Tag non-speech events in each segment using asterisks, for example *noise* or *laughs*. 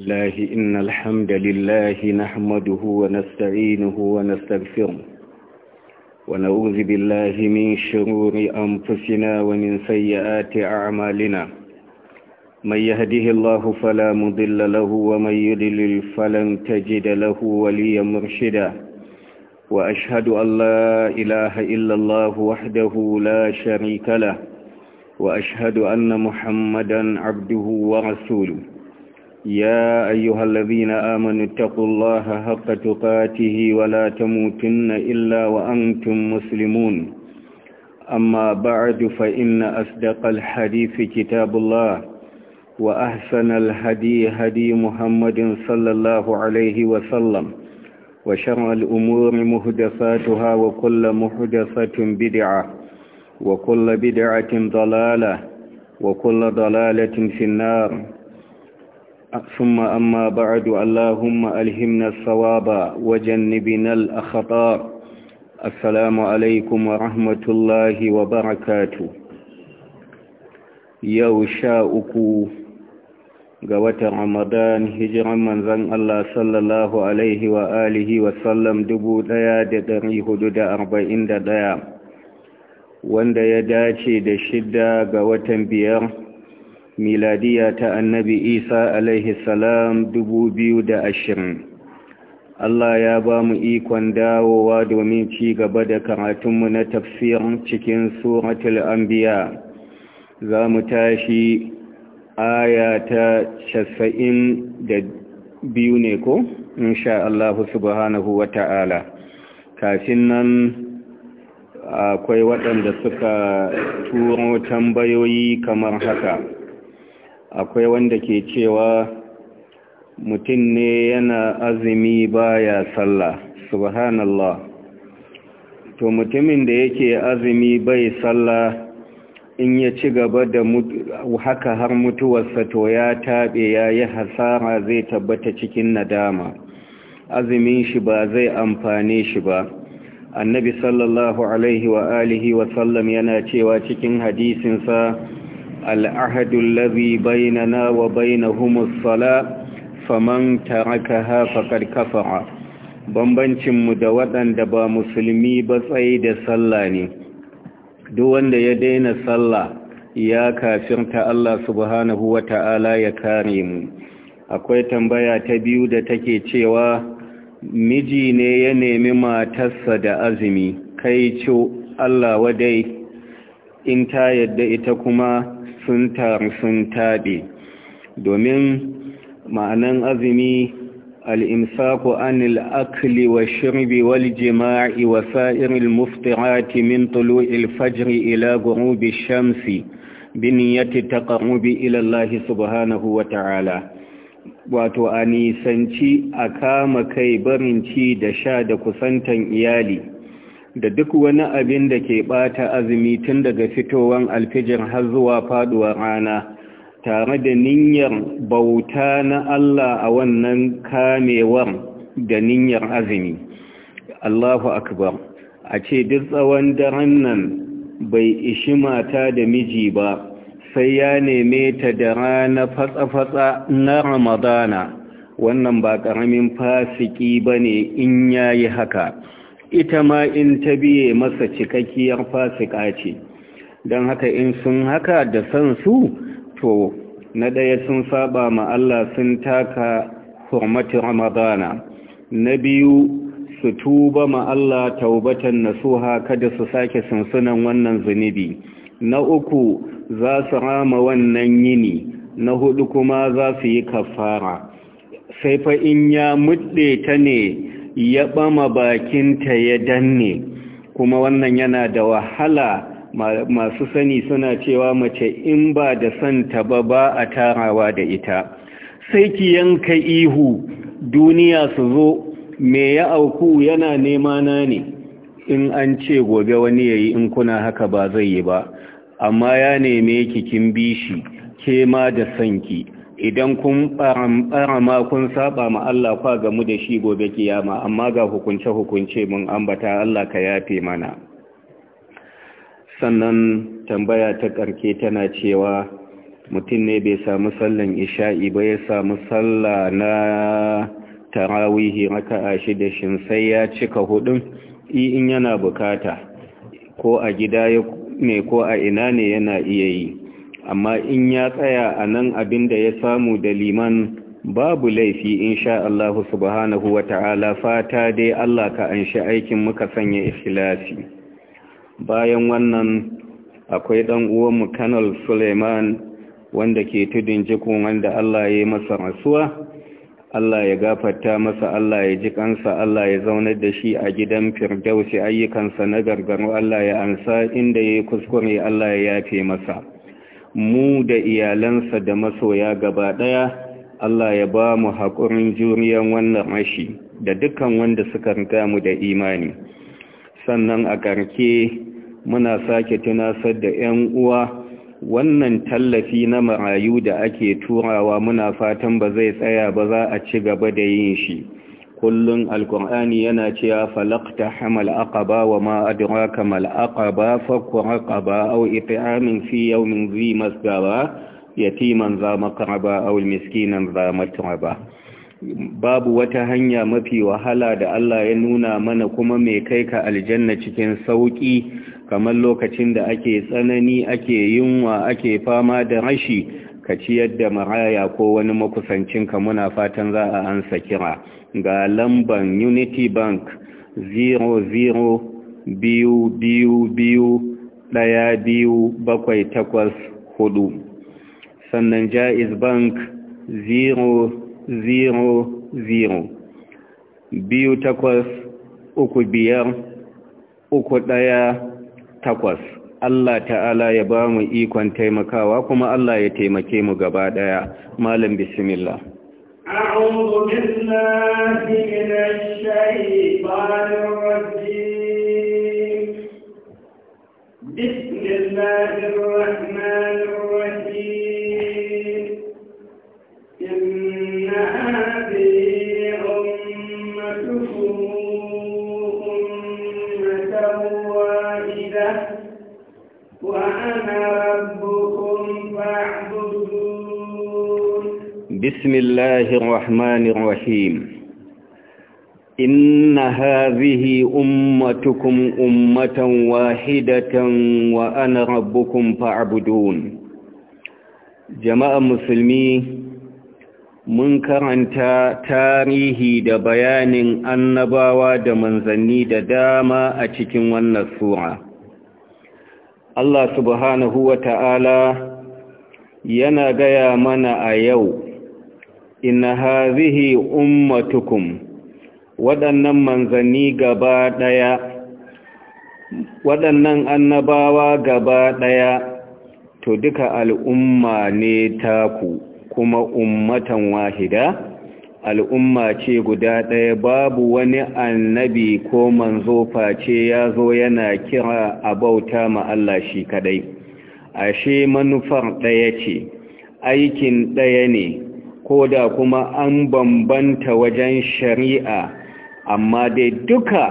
الله إن الحمد لله نحمده ونستعينه ونستغفره ونعوذ بالله من شرور أنفسنا ومن سيئات أعمالنا من يهده الله فلا مضل له ومن يضلل فلن تجد له وليا مرشدا وأشهد أن لا إله إلا الله وحده لا شريك له وأشهد أن محمدا عبده ورسوله يا أيها الذين آمنوا اتقوا الله حق تقاته ولا تموتن إلا وأنتم مسلمون أما بعد فإن أصدق الحديث كتاب الله وأحسن الهدي هدي محمد صلى الله عليه وسلم وشر الأمور مهدفاتها وكل مهدفة بدعة وكل بدعة ضلالة وكل ضلالة في النار ثم أما بعد اللهم ألهمنا الصواب وجنبنا الأخطاء السلام عليكم ورحمة الله وبركاته يوشاءك قوة رمضان هجر من ذن الله صلى الله عليه وآله وسلم دبو ديا دري حدود أربعين ديا وان ديا داشي دشدة قوة بيار miladiya ta annabi isa alaihi salam ashirin. Allah ya ba mu ikon dawowa domin ci gaba da karatunmu na tafsirin cikin suratul anbiya za mu tashi aya ta casa'in da biyu ne ko insha Allah subhanahu wa ta'ala kafin nan akwai waɗanda suka turo tambayoyi kamar haka akwai wanda ke cewa mutum ne yana azumi baya sallah subhanallah to mutumin da yake azumi bai sallah in ya ci gaba da haka har mutuwarsa to ya taɓe ya yi hasara zai tabbata cikin nadama azumin shi ba zai amfane shi ba annabi sallallahu alaihi wa alihi wa sallam yana cewa cikin hadisinsa العهد الذي بيننا وبينهم الصلاة faman taraka hafa karkafara bambancinmu da waɗanda ba musulmi ba tsaye da sallah ne duk wanda ya daina sallah ya kafirta Allah subhanahu wa ta'ala ya kare mu akwai tambaya ta biyu da take cewa miji ne ya nemi matarsa da azumi kai ce Allah wadai in ta yadda ita kuma sun taru sun taɓe domin ma'anan azumi al'imsaku anil akli wa shirbi wal jima'i wa sa'iril muftirati min tulu'il fajri ila gurubi shamsi bin yati taqarrubi ila Allah subhanahu wa ta'ala wato a nisanci a kama kai barin ci da sha da kusantan iyali da duk wani abin da ke ɓata azumi tun daga fitowar alfijir har zuwa faduwar rana tare da niyyar bauta na Allah a wannan kamewar da niyyar azumi Allahu akbar a ce duk tsawon daren nan bai ishi mata da miji ba sai ya neme ta da rana fatsa-fatsa na ramadana wannan ba ƙaramin fasiki ba ne in yayi haka ita ma in ta biye masa cikakkiyar fasika ce don haka in sun haka da san su to na ɗaya sun saba ma Allah sun taka hurmati ramadana na biyu su tuba ma Allah taubatan nasuha kada su sake sunsunan wannan zunubi na uku za su rama wannan yini na hudu kuma za su yi kafara sai fa in ya mudde ta ne ya bama bakinta ya danne kuma wannan yana da wahala masu sani suna cewa mace in ba da ta ba ba a tarawa da ita sai ki yanka ihu duniya su zo me ya auku yana nema na ne in an ce gobe wani ya yi in kuna haka ba zai yi ba amma ya neme ki kin bi shi ke ma da sanki idan kun barama kun saba ma Allah kwa gamu da shi gobe kiyama amma ga hukunce-hukunce mun ambata Allah ka yafe mana sannan tambaya ta ƙarke tana cewa mutum ne bai samu sallan isha'i ba ya samu salla na tarawihi raka'a shida shin sai ya cika hudun in yana bukata ko a gida ne ko a ina ne yana iya yi amma in ya tsaya a nan abin da ya samu da liman babu laifi in sha Allah subhanahu wa ta'ala fata dai Allah ka an shi aikin muka sanya ikhlasi bayan wannan akwai ɗan uwanmu kanal suleiman wanda ke tudun jikun wanda Allah ya yi masa rasuwa Allah ya gafarta masa Allah ya ji kansa Allah ya zaunar da shi a gidan firdausi ayyukansa na gargaru Allah ya ansa inda ya kuskure Allah ya yafe masa mu da iyalansa da masoya gaba ɗaya Allah ya ba mu haƙurin juriyan wannan rashi da dukkan wanda suka riga mu da imani sannan a ƙarke muna sake tunasar da 'yan uwa wannan tallafi na marayu da ake turawa muna fatan ba zai tsaya ba za a ci gaba da yin shi kullun alkur'ani yana cewa falaqta hamal aqaba wa ma adraka mal aqaba fakku aqaba aw it'amin fi yawmin zi masgaba yatiman za maqraba aw miskinan za matraba babu wata hanya mafi wahala da Allah ya nuna mana kuma mai kai ka aljanna cikin sauki kamar lokacin da ake tsanani ake yunwa ake fama da rashi ka ciyar da maraya ko wani makusancinka muna fatan za a ansa kira ga lamban unity bank 00 biyu biyu ɗaya biyu bakwai takwas hudu sannan jaiz bank 000 biyu takwas uku biyar uku ɗaya takwas Allah ta'ala ya ba mu ikon taimakawa kuma Allah ya taimake mu gaba ɗaya malam bismillah A'udhu billahi minash بسم الله الرحمن الرحيم إن هذه أمتكم أمة واحدة وأنا ربكم فاعبدون جماعة مسلمي mun karanta tarihi da bayanin annabawa da manzanni da dama a cikin wannan sura Allah subhanahu wa ta'ala yana gaya mana a yau inna hazihi ummatukum waɗannan manzanni gaba ɗaya waɗannan annabawa gaba ɗaya to duka al'umma ne taku kuma ummatan wahida al'umma ce guda ɗaya babu wani annabi ko manzo face ya zo yana kira a bauta ma Allah shi kadai ashe manufar ɗaya ce aikin ɗaya ne ko da kuma an bambanta wajen shari'a amma dai duka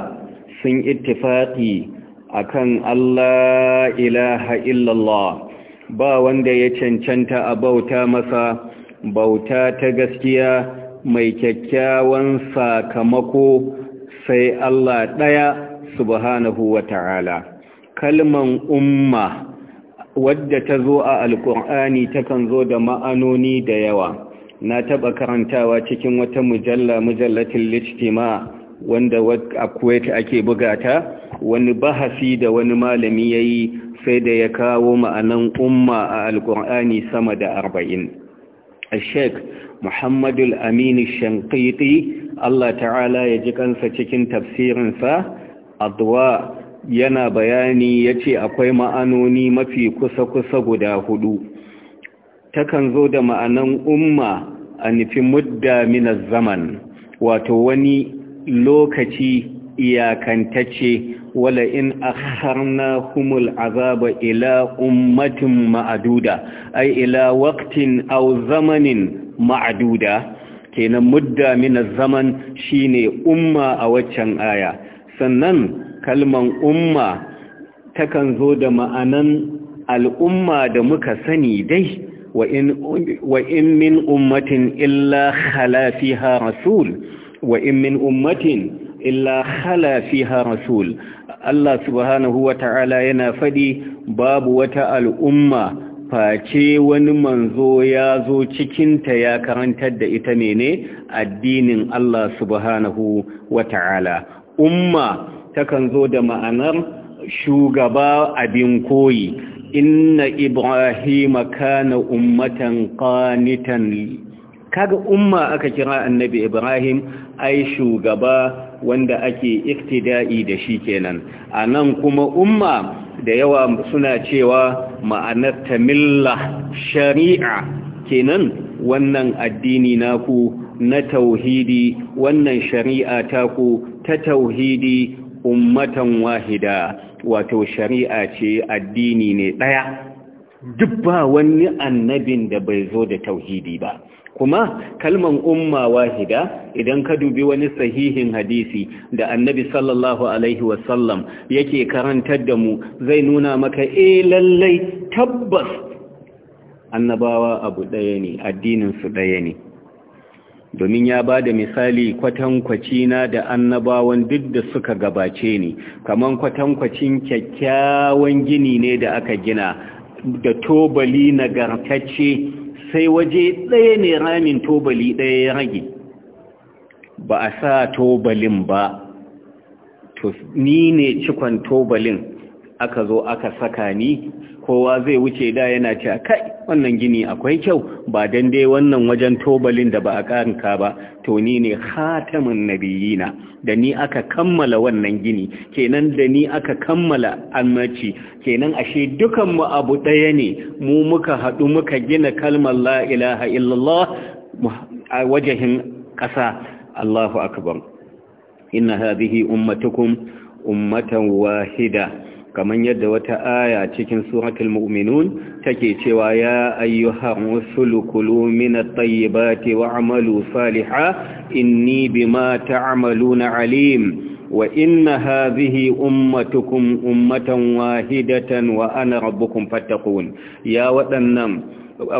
sun ittifaqi akan Allah ilaha illallah ba wanda ya cancanta a bauta masa bauta ta gaskiya mai kyakkyawan sakamako sai Allah ɗaya subhanahu wa ta'ala kalman umma wadda ta zo a alƙur'ani takan zo da ma'anoni da yawa na taba karantawa cikin wata mujalla mujallatin lijtima wanda a kuwait ake bugata wani bahasi da wani malami yayi sai da ya kawo ma'anan umma a alkur'ani sama da arba'in a muhammadu muhammadul aminu allah ta'ala ya ji kansa cikin tafsirinsa adwa yana bayani yace akwai ma'anoni mafi kusa-kusa guda hudu takan zo da ma'anan umma a nufi mudda minas zaman wato wani lokaci iyakantacce wala in akharna humul azaba ila ummatin ma'aduda ai ila waqtin aw zamanin ma'aduda kenan mudda minas zaman shine umma a waccan aya sannan kalman umma takan zo da ma'anan al'umma da muka sani dai wa in min ummatin illa khala fiha Allah subhanahu wata'ala yana faɗi babu wata al'umma face wani manzo ya zo cikinta ya karantar da ita mene addinin Allah subhanahu wata'ala umma takan zo da ma'anar shugaba abin koyi inna Ibrahim kana ummatan qanitan kaga umma aka kira annabi ibrahim ai shugaba wanda ake iktida'i da shi kenan anan kuma umma da yawa suna cewa ma'anar millah shari'a kenan wannan addini naku na tauhidi wannan shari'a taku ta tauhidi ummatan wahida wato shari'a ce addini ne ɗaya duk ba wani annabin da bai zo da tauhidi ba kuma kalman umma wahida idan ka dubi wani sahihin hadisi da annabi sallallahu alaihi wasallam yake karantar da mu zai nuna maka eh lallai tabbas annabawa abu ɗaya ne su ɗaya ne domin ya ba da misali kwatankwaci na da annabawan duk da suka gabace ni kamar kwatankwacin kyakkyawan gini ne da aka gina da tobali nagartacce sai waje ɗaya ne ramin tobali ɗaya ya rage ba a sa tobalin ba to ni ne cikon tobalin aka zo aka saka ni kowa zai wuce da yana ce kai wannan gini akwai kyau ba dan dai wannan wajen tobalin da ba a kanka ba to ni ne khatamun nabiyina da ni aka kammala wannan gini kenan da ni aka kammala annaci kenan ashe dukan mu abu daya ne mu muka hadu muka gina kalmar la ilaha illallah a wajahin kasa Allahu akbar inna hadhihi ummatukum ummatan wahida kamar yadda wata aya cikin suratul mu'minun take cewa ya ayyuhar rusulu kulu min at-tayyibati wa'malu salihan inni bima ta'maluna alim wa inna hadhihi ummatukum ummatan wahidatan wa ana rabbukum fattaqun ya waɗannan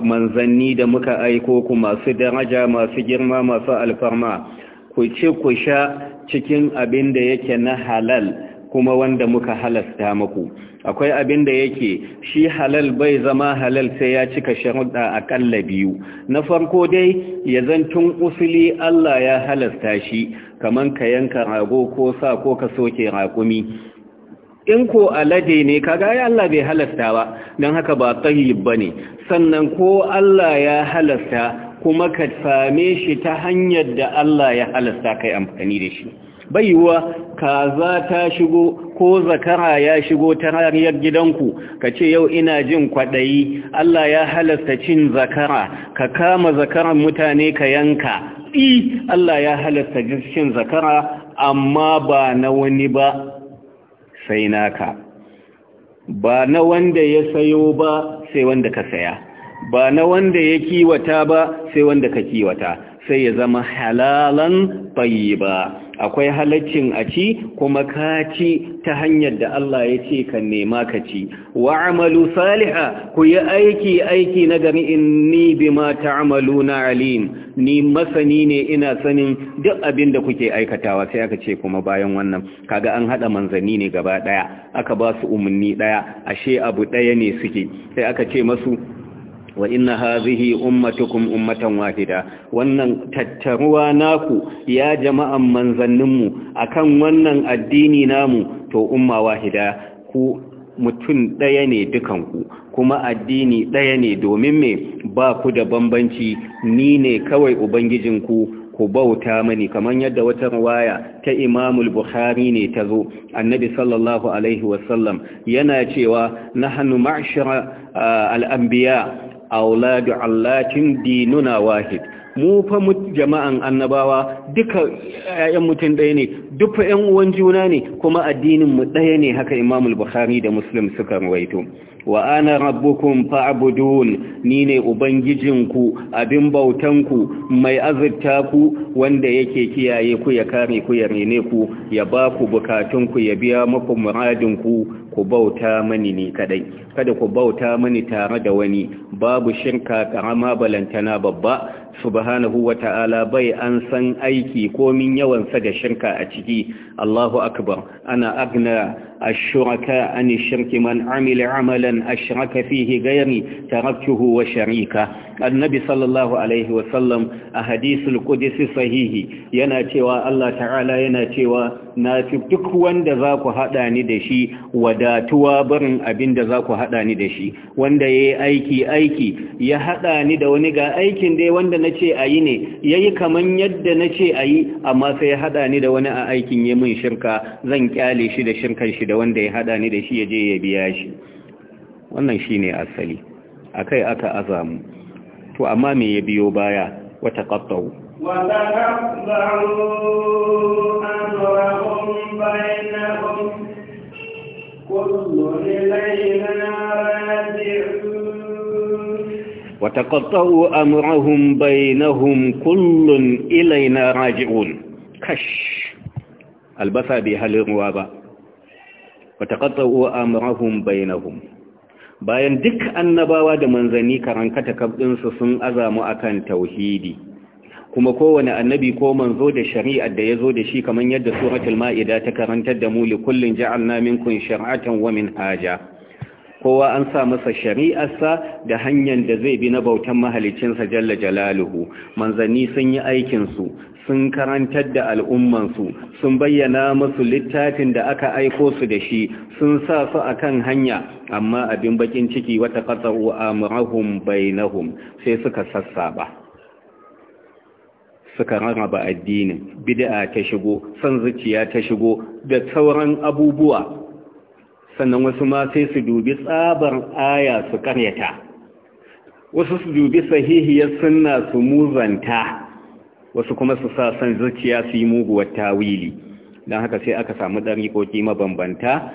manzanni da muka aiko ku masu daraja masu girma masu alfarma ku ci ku sha cikin abin da yake na halal kuma wanda muka halasta maku akwai abin da yake shi halal bai zama halal sai ya cika a aƙalla biyu na farko dai ya zantun usuli Allah ya halasta shi kaman ka yanka rago ko sa ko ka soke raƙumi in ko alade ne kaga ai Allah bai halasta ba don haka ba tayyib bane sannan ko Allah ya halasta kuma ka same shi ta hanyar da Allah ya halasta kai amfani da shi Baiwa, kaza ta shigo ko zakara ya shigo ta rariyar gidanku ka ce yau ina jin kwaɗayi Allah ya halasta cin zakara ka kama zakaran mutane ka yanka i Allah ya halasta cin zakara amma ba na wani ba sai naka ba na wanda ya sayo ba sai wanda ka saya ba na wanda ya kiwata ba sai wanda ka kiwata sai ya zama halalan ba. akwai halaccin a ci kuma ka ci ta hanyar da Allah ya ce ka nema ka ci wa amalu saliha ku yi aiki aiki na gari inni bima ta'maluna alim ni masani ne ina sanin duk abin da kuke aikatawa sai aka ce kuma bayan wannan kaga an hada manzanni ne gaba daya aka ba su umarni daya ashe abu daya ne suke sai aka ce masu wa inna hazihi ummatukum ummatan wahida wannan tattaruwa naku ya jama'an manzanninmu akan wannan addini namu to umma wahida ku mutum ɗaya ne dukanku kuma addini ɗaya ne domin me ba ku da bambanci ni ne kawai ubangijinku ku bauta mani kamar yadda wata riwaya ta Imamul Bukhari ne ta zo Annabi sallallahu alaihi wasallam yana cewa nahnu ma'shara ah, al-anbiya auladu allatin dinuna wahid mu fa mu jama'an annabawa duka ayyan mutum ɗaya ne duka ƴan uwan juna ne kuma addinin mu ɗaya ne haka Imam bukhari da Muslim suka rawaito wa ana rabbukum fa'budun ni ne ubangijinku abin bautanku mai azurta ku wanda yake kiyaye ku ya kare ku ya rene ku ya ba ku bukatunku ya biya muku muradinku ku bauta mani ne kadai kada ku bauta mani tare da wani babu shirka karama balantana babba subhanahu wata'ala bai an san aiki komin yawansa da shirka a ciki Allahu akbar ana agna الشركاء عن الشرك من عمل عملا أشرك فيه غيري تركته وشريكه النبي صلى الله عليه وسلم yana cewa, صحيح يناتي الله تعالى يناتي ناتي duk wanda za ku haɗa ni da shi wadatuwa barin abinda da za ku haɗa ni da shi wanda ya yi aiki aiki ya haɗa ni da wani ga aikin dai wanda na ce a ne ya yi kaman yadda na ce a amma sai ya haɗa ni da wani a aikin ya min shirka zan kyale shi da shirkan shi shi da wanda ya hada ni da shi ya je ya biya shi wannan shi ne asali a kai aka azamu to amma me ya biyo baya wata ƙattau وتقطعوا أمرهم بينهم كل إلينا راجعون كش albasa bai halin ruwa ba a marahun bainahum bayan duk annabawa da manzanni karankata kabdin su sun azamu akan tauhidi kuma kowane annabi ko manzo da shari'ar da ya zo da shi kamar yadda suratul maida ta karantar da mu li kullin ja'alna minkum shar'atan wa minhaja kowa an sa masa shari'arsa da hanyar da zai bi na bautan mahalicinsa jalla jalaluhu manzanni sun yi aikinsu. sun karantar da al'ummansu sun bayyana masu littafin da aka aiko su da shi sun sa su a kan hanya amma abin bakin ciki wata fasa'u amurahun bainahun, sai suka sassaba suka rarraba addinin bid'a ta shigo san zuciya ta shigo da sauran abubuwa sannan wasu ma sai su dubi tsabar aya su karyata wasu su dubi sahihiyar sunna su muzanta wasu kuma su sa san zuciya su yi muguwar tawili don haka sai aka samu ɗariƙoƙi mabambanta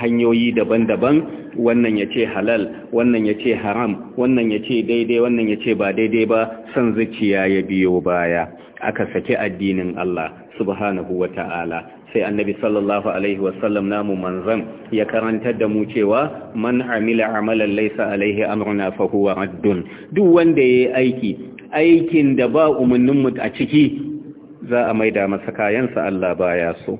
hanyoyi daban-daban wannan ya ce halal wannan ya ce haram wannan ya ce daidai wannan ya ce ba daidai ba san zuciya ya biyo baya aka saki addinin Allah subhanahu wa ta'ala sai annabi sallallahu alaihi wasallam namu manzan ya karanta da mu cewa man amila amalan laysa alaihi amruna fa huwa raddun duk wanda yayi aiki aikin da ba umarninmu a ciki za a maida masa kayansa Allah baya so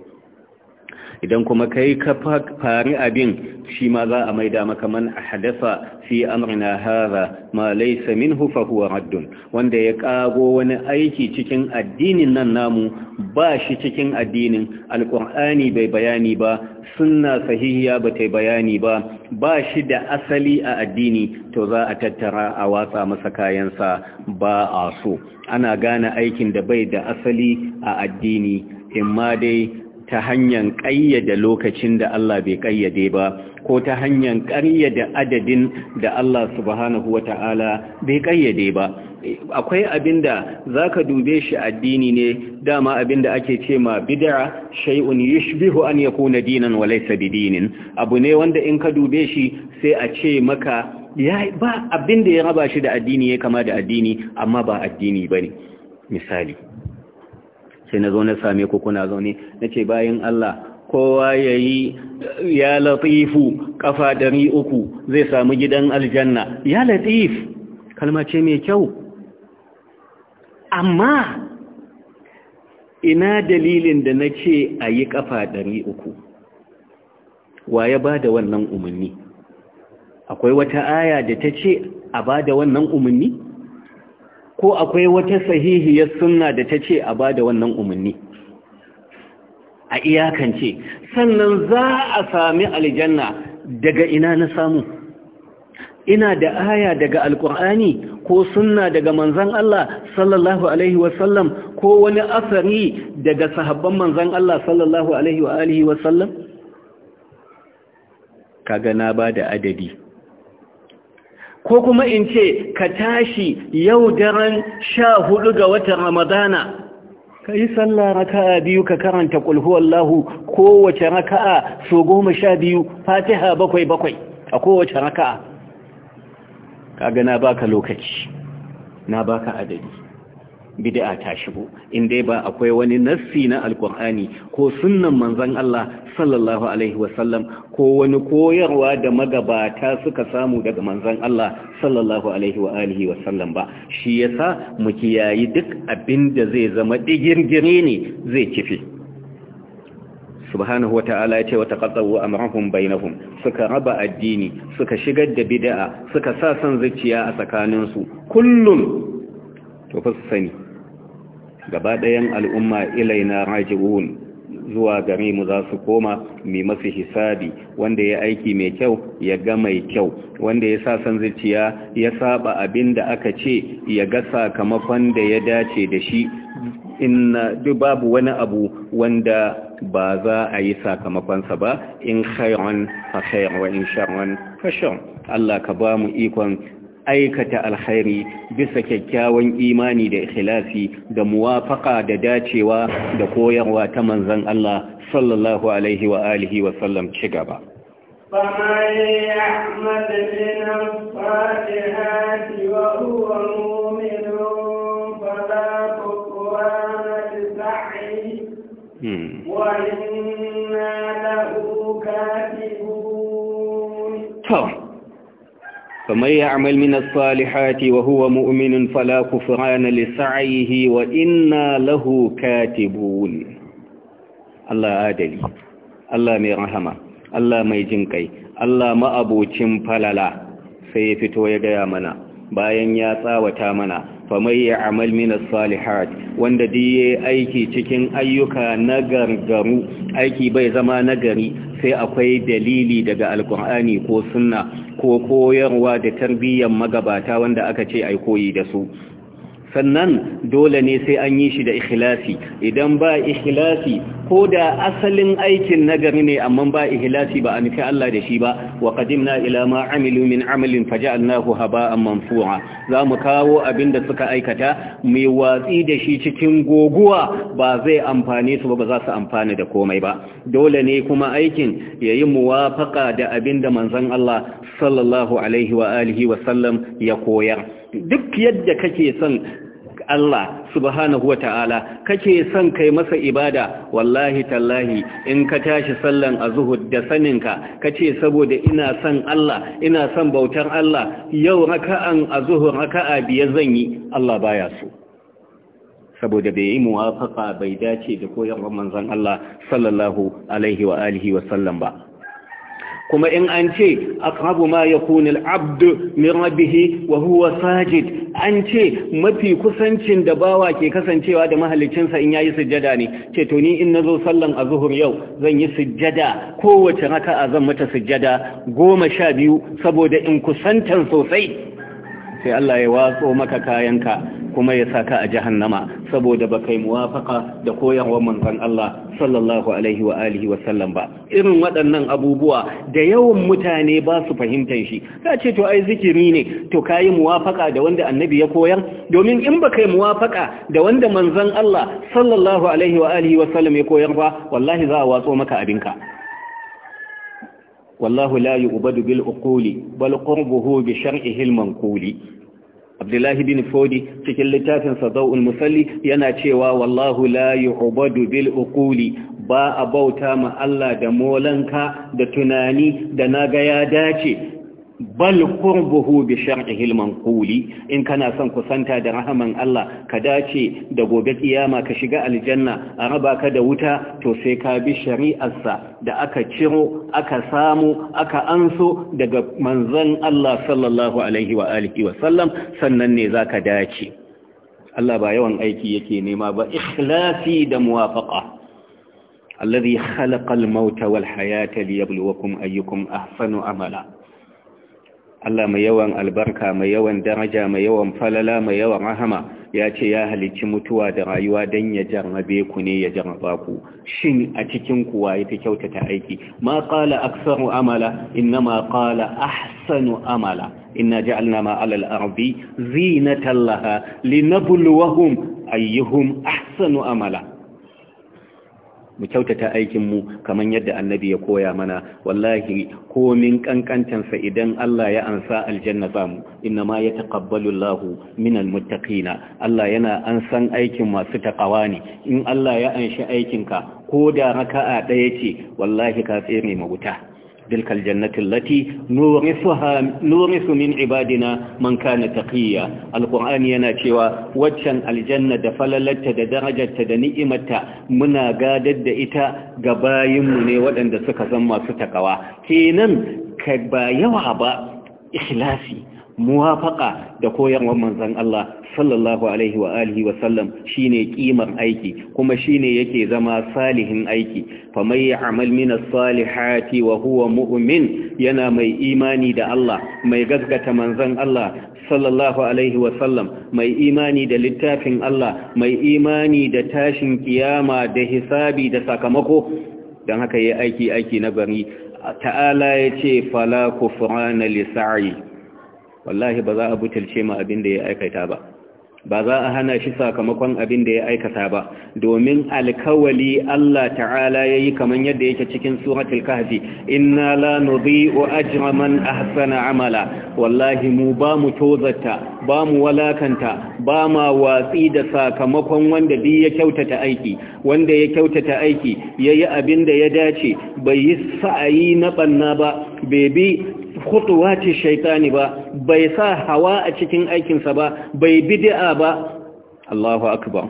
idan kuma kai ka fari abin shi ma za a maida makaman man hadasa fi amrina hada ma laysa minhu fa huwa raddun wanda ya kago wani aiki cikin addinin nan namu ba shi cikin addinin alqur'ani bai bayani ba sunna sahihiya ba ta bayani ba ba shi da asali a addini to za a tattara a watsa masa kayansa ba a so ana gane aikin da bai da asali a addini imma dai ta hanyar ƙayyada lokacin da Allah bai ƙayyade ba ko ta hanyar ƙayyada adadin da Allah subhanahu wa ta'ala bai ƙayyade ba akwai abinda za ka dube shi addini ne dama abinda ake ce ma bid'a shay'un yushbihu an yakuna dinan wa laysa bidinin abu ne wanda in ka dube shi sai a ce maka ya ba abinda ya raba shi da addini ya kama da addini amma ba addini bane misali sai na zo na same ku kuna zaune na ce bayan Allah kowa ya yi ya latifu kafa ɗari uku zai samu gidan aljanna ya latif kalma ce mai kyau amma ina dalilin da na ce a yi kafa ɗari uku wa ya ba da wannan umarni akwai wata aya da ta ce a ba da wannan umarni ko akwai wata sahihiyar sunna da ta ce a bada wannan umarni a iyakance sannan za a sami aljanna daga ina na samu ina da aya daga alkur'ani ko sunna daga manzan Allah sallallahu alaihi wasallam ko wani asari daga sahabban manzan Allah sallallahu alaihi wa alihi wasallam kaga na bada adadi ko kuma in ce ka tashi yau daren sha hudu ga watan ramadana ka yi sallah raka'a biyu ka karanta ƙulhuwallahu kowace raka'a so goma sha biyu fatiha bakwai bakwai a kowace raka'a ka gana baka lokaci na baka adadi bid'a ta shigo in dai ba akwai wani nassi na alkur'ani ko sunnan manzon Allah sallallahu alaihi wasallam ko wani koyarwa da magabata suka samu daga manzon Allah sallallahu alaihi wa alihi wasallam ba shi yasa mu kiyayi duk abinda zai zama digirgire ne zai kifi subhanahu wata'ala ya ce wa taqaddawu amrahum bainahum suka raba addini suka shigar da bid'a suka sa san zuciya a tsakaninsu kullum to fa su sani gaba ɗayan al'umma ilaina raji'un zuwa gare mu za su koma mai masu hisabi wanda ya aiki mai kyau ya ga mai kyau wanda ya sa san zuciya ya saba abin da aka ce ya ga sakamakon da ya dace da shi inna duk babu wani abu wanda ba za a yi sakamakonsa ba in khairan fa khairan wa in sharran fa Allah ka ba mu ikon aikata alkhairi bisa kyakkyawan imani da ikhlasi da muwafaqa da dacewa da koyarwa ta manzon Allah sallallahu alaihi wa alihi wa sallam ci gaba فمن يعمل من الصالحات وهو مؤمن فلا كفران لسعيه hmm. وإنا له كاتبون فمن يعمل من الصالحات وهو مؤمن فلا كفران لسعيه وإنا له كاتبون الله آدلي الله مي رحمة الله مي جنكي الله ما أبو چنفللا سيفتو يغيا منا bayan ya tsawata mana famayya ya'mal min salihat wanda diye aiki cikin ayyuka na gargaru aiki bai zama nagari sai akwai dalili daga alkur'ani ko sunna ko koyarwa da tarbiyyar magabata wanda aka ce ai koyi da su sannan dole ne sai an yi shi da ikhlasi idan ba ikhlasi ko da asalin aikin nagari ne amma ba ikhlasi ba a nufi Allah da shi ba wa qadimna ila ma amilu min amalin faja'alnahu haba'an manfu'a zamu kawo abin da suka aikata mai watsi da shi cikin goguwa ba zai amfane su ba ba za su amfana da komai ba dole ne kuma aikin yayi muwafaƙa da abinda manzon Allah sallallahu alaihi wa alihi wa sallam ya koyar duk yadda kake son Allah subhanahu wa ta'ala kake son kai masa ibada wallahi tallahi in ka tashi sallan a zuhud da saninka ka kace saboda ina son Allah ina son bautar Allah yau raka'an a zuhur raka'a biyar zan yi Allah baya so saboda bai yi muwafaka bai dace da koyarwa manzon Allah sallallahu alaihi wa alihi wa ba kuma in an ce aqrabu ma yakunu al abd min rabbihi wa huwa sajid an ce mafi kusancin da bawa ke kasancewa da sa in yayi sujada ne ce to ni in nazo sallan azhur yau zan yi sujada. kowace raka'a zan mata sujada goma sha biyu saboda in kusantan sosai sai Allah ya watso maka kayanka kuma ya saka a jahannama saboda ba kai muwafaka da koyarwar manzon Allah sallallahu alaihi wa alihi wa sallam ba irin waɗannan abubuwa da yawan mutane ba su fahimtar shi ka ce to ai zikiri ne to kayi muwafaka da wanda annabi ya koyar domin in ba kai muwafaka da wanda manzon Allah sallallahu alaihi wa alihi wa sallam ya koyar ba wallahi za a watso maka abinka bil لا bal بالعقول bi قربه hilman المنقول abdullahi bin fodi cikin littafin sadaul musalli yana cewa wallahu la yu'badu bil uquli ba a bauta ma Allah da molanka da tunani da naga ya dace bal qurbuhu bi shar'ihi manquli in kana son kusanta da rahaman Allah ka dace da gobe kiyama ka shiga aljanna a raba ka da wuta to sai ka bi shari'arsa da aka ciro aka samu aka anso daga manzon Allah sallallahu alaihi wa alihi wa sallam sannan ne zaka dace Allah ba yawan aiki yake nema ba ikhlasi da muwafaqa alladhi khalaqa al-mauta wal hayata liyabluwakum ayyukum ahsanu amala Allah mai yawan albarka mai yawan daraja mai yawan falala mai yawan rahama ya ce ya halicci mutuwa da rayuwa don ya jarrabe ku ne ya jarraba ku shin a cikin kuwa ya fi kyautata aiki ma qala aktsaru amala ma qala ahsanu amala inna ja'alna ma 'ala al-ardi zinatan laha linabluwahum ayyuhum ahsanu amala mu kyautata aikinmu kamar yadda annabi ya koya mana wallahi komin kankantansa idan Allah ya ansa aljanna mu inna ma yataqabbalu Allahu minal muttaqina Allah yana ansan aikin masu takawa ne in Allah ya anshi aikinka ko da raka'a daya ce wallahi ka tsere ma wuta تلك الجنة التي نورثها نورث من عبادنا من كان تقيا القرآن يناتيوا وجن الجنة دفللت درجة دنئمة منا قادد إتا قبايم من ودن دسك زما ستقوا كينن كبايوا با إخلاسي muwafaqa da koyarwar manzon Allah sallallahu alaihi wa alihi wa sallam shine kimar aiki kuma shine yake zama salihin aiki faman ya'mal min as-salihati wa huwa mu'min yana mai imani da Allah mai gaskata manzon Allah sallallahu alaihi wa sallam mai imani da littafin Allah mai imani da tashin kiyama da hisabi da sakamako Dan haka yi aiki aiki na gari ta'ala ya ce fala kufrana li sa'i wallahi ba za a butulce ma abin da ya aikata ba ba za a hana shi sakamakon abin da ya aikata ba domin alkawali Allah ta'ala yayi kaman yadda yake cikin suratul kahfi inna la nudhi'u ajra man ahsana amala wallahi mu ba mu tozata, ba mu walakanta ba ma watsi da sakamakon wanda bi ya kyautata aiki wanda ya kyautata aiki yayi abin da ya dace bai yi sa'ayi na banna ba bebi. khutuwati shaitani ba bai sa hawa a cikin aikinsa ba bai bid'a ba Allahu akbar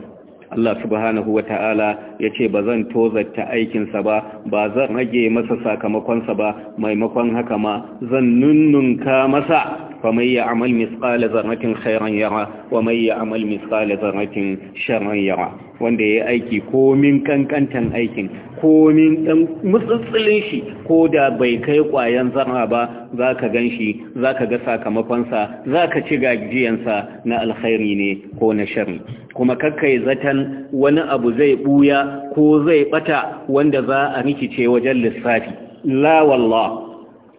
Allah subhanahu wa ta'ala ya ce ba zan tozarta aikinsa ba ba zan rage masa sakamakonsa ba maimakon haka ma zan nunnunka masa فمن يعمل مثقال ذرة خيرا يرى ومن يعمل مثقال ذرة شرا يرى wanda ya aiki komin ƙanƙantan aikin komin dan mutsutsulin shi ko da bai kai ƙwayan zara ba zaka ganshi zaka ga sakamakonsa zaka ci gajiyansa na alkhairi ne ko na sharri kuma kakkai zatan wani abu zai ɓuya ko zai ɓata wanda za a rikice wajen lissafi la wallah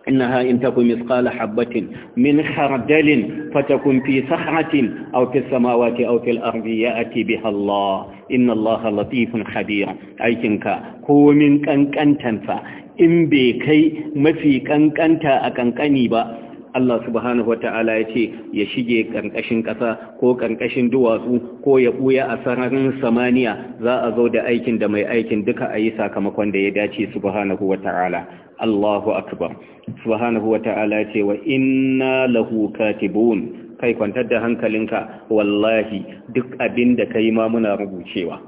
إنها إن تكن مثقال حبة من خردل فتكن في صخرة أو في السماوات أو في الأرض يأتي بها الله إن الله لطيف خبير أيكنك هو من كان كان تنفع إن بكي ما في كان كان تأكن كنيبا Allah subhanahu wa ta'ala ya ce ya shige ƙarƙashin ƙasa ko ƙarƙashin duwatsu ko ya ɓuya a sararin samaniya za a zo da aikin da mai aikin duka a yi sakamakon da ya dace subhanahu wa ta'ala Allahu akbar subhanahu wa ta'ala ce wa inna lahu katibun kai kwantar da hankalinka wallahi duk abin da kai ma muna rubucewa